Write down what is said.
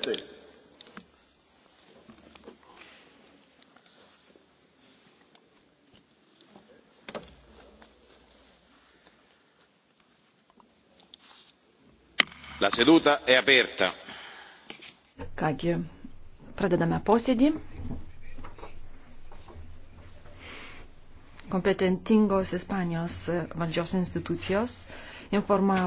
Taip. La seduta è aperta. Kągi, pradedame posėdį. Kompetentingos Ispanijos valdžios institucijos informavo.